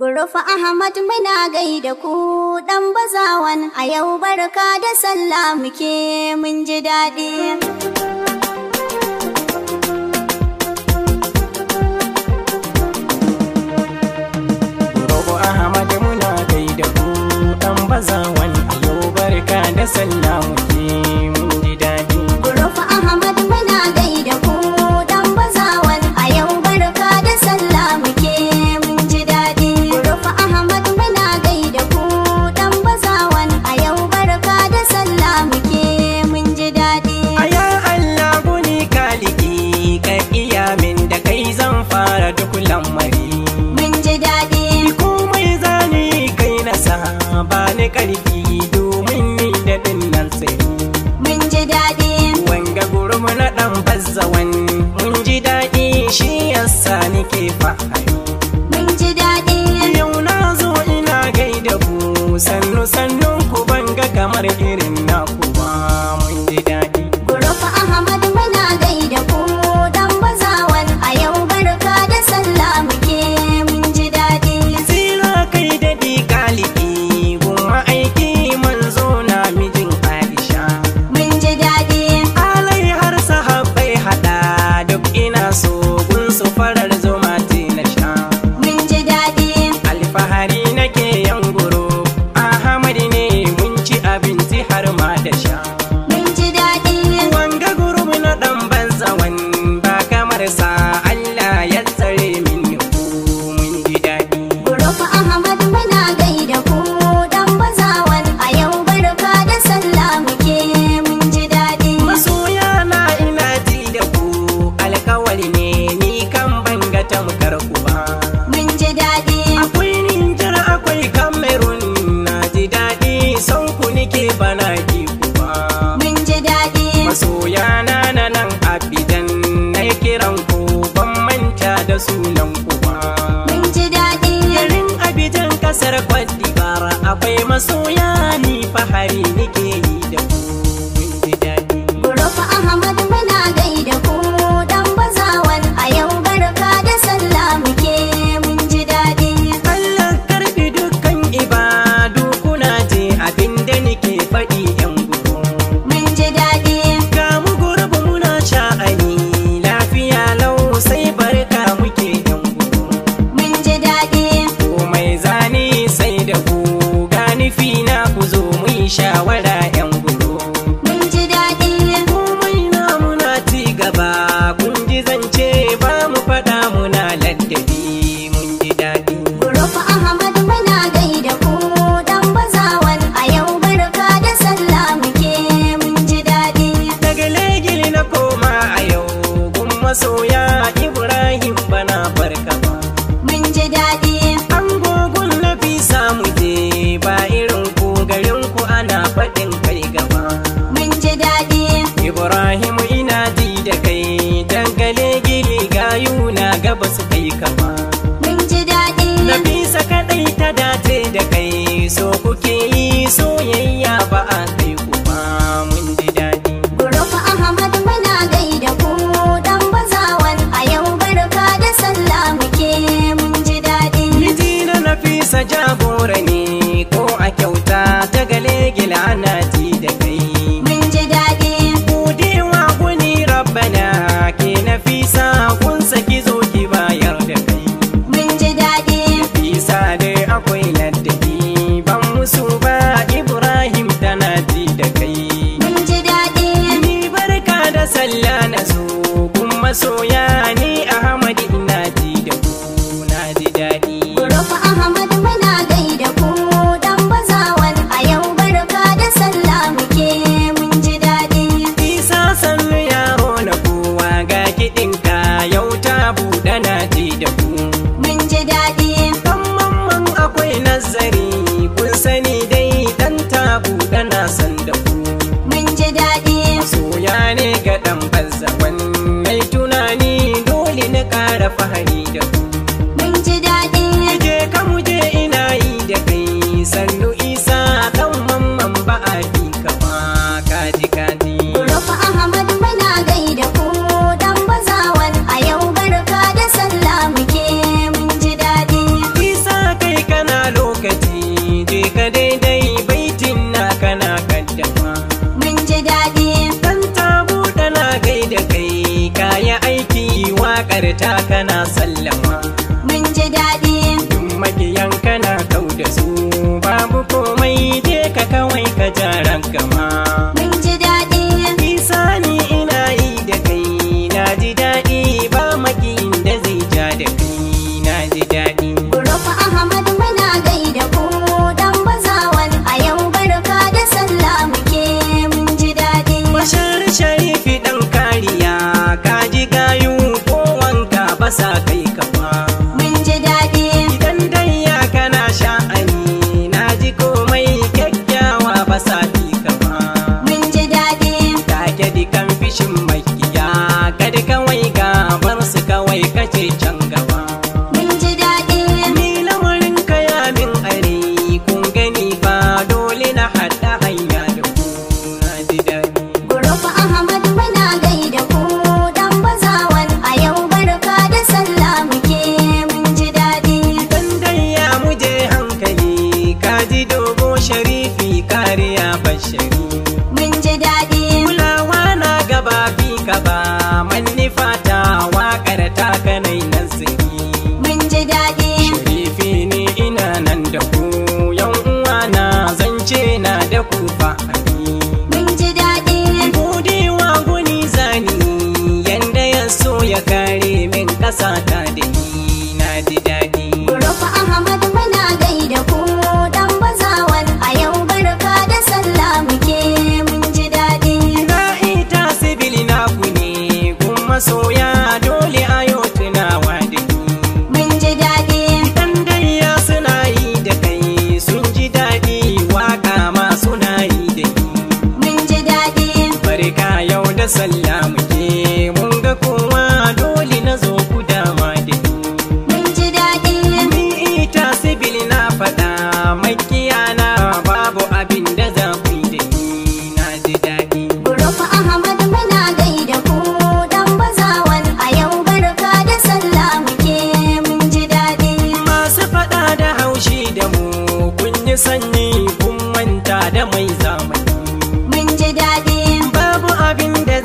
Gurufa Ahmad muna gaida ku ɗan bazawan a yau barka da sallah muke mun ji daɗi. Gurufa Ahmad muna gaida ku ɗan bazawan a yau barka da sallah muke yasa nike fahari mun ji daɗi yau na zo ina gaida ku sannu sannu ku banga kamar ke regresar. masoya ni fahari Ibrahim ina ji da kai dangane gili gayu na gabas kaɗan bazza wannan tunani dole na ƙara fahari da ta kana sallama mun ji daɗi duk magiyan kana kau da su babu komai je ka kawai ka jaran gama mun ji daɗi isa ni ina yi da kai na ji daɗi ba makiyin da zai ja da kai na ji daɗi la 谢谢。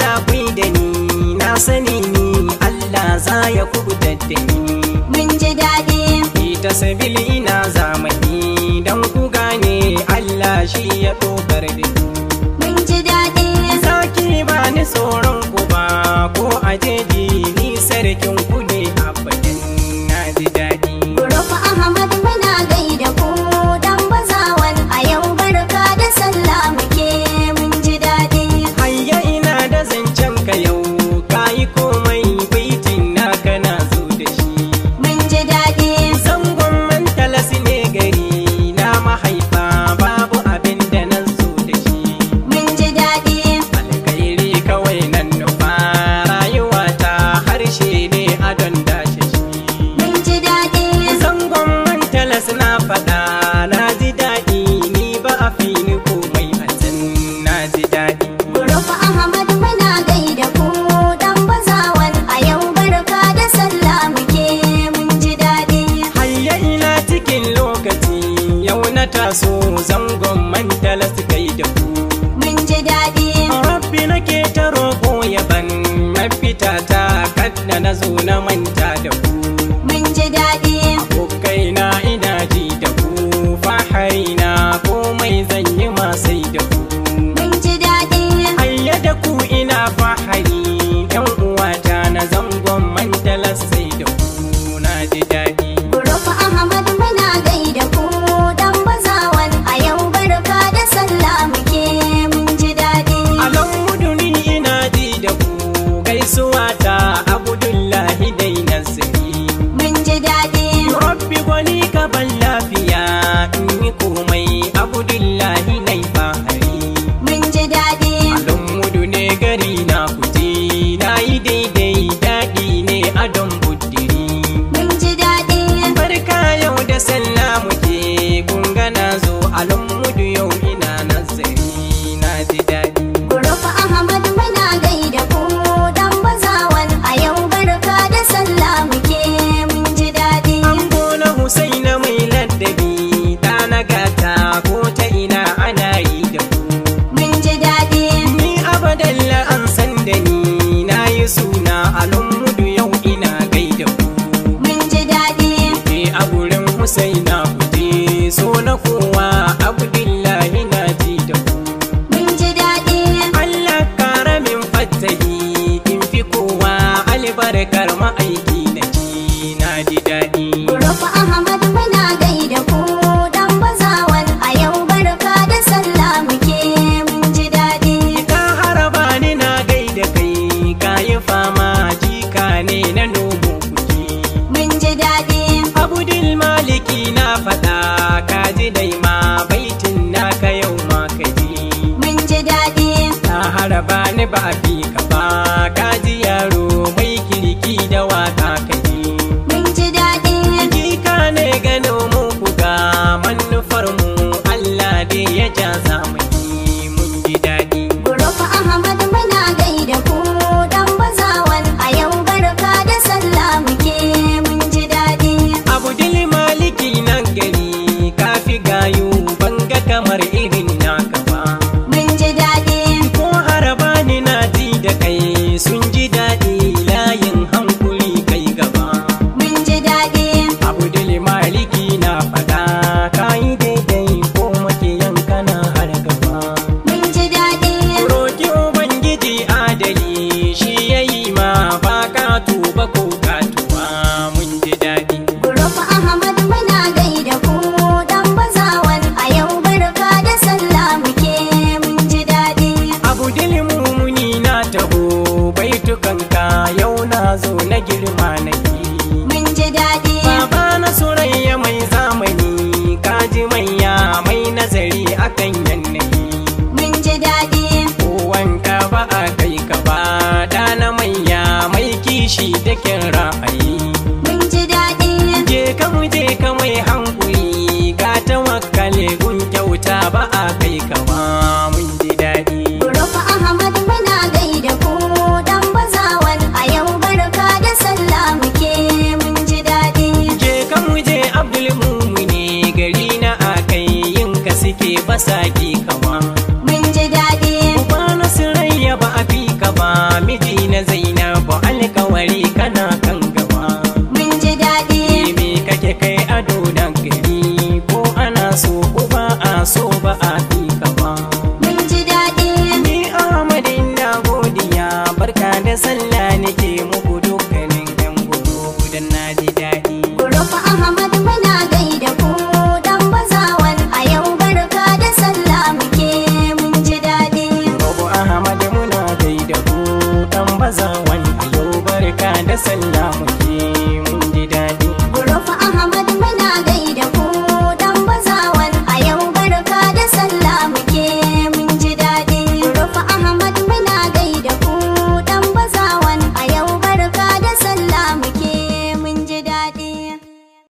da da ni na sani ni Allah za ya kubuta da ni mun ji daɗi ita sabili na zamani don ku gane Allah shi ya dokar da ni mun ji daɗi saki ba ni tsoro na nake ta roƙo yaban mafita ta kadda na zo na manta da ku mun ji daɗi abokaina ina ji da ku fahari na komai zan yi masai da ku jazz shi da kyan ra'ayi mun ji daɗi je ka mu je ka mai hankuri ta wakale gun kyauta ba a kai ka ba. mun ji daɗi rufa ahmad muna gaida ku dan bazawan a yau barka da sallah muke mun ji daɗi je ka mu je abdul Mumini gari na a kai yin ka suke basaki kama mun ji daɗi ku ba nasu ba a fi ka ba miji da sanda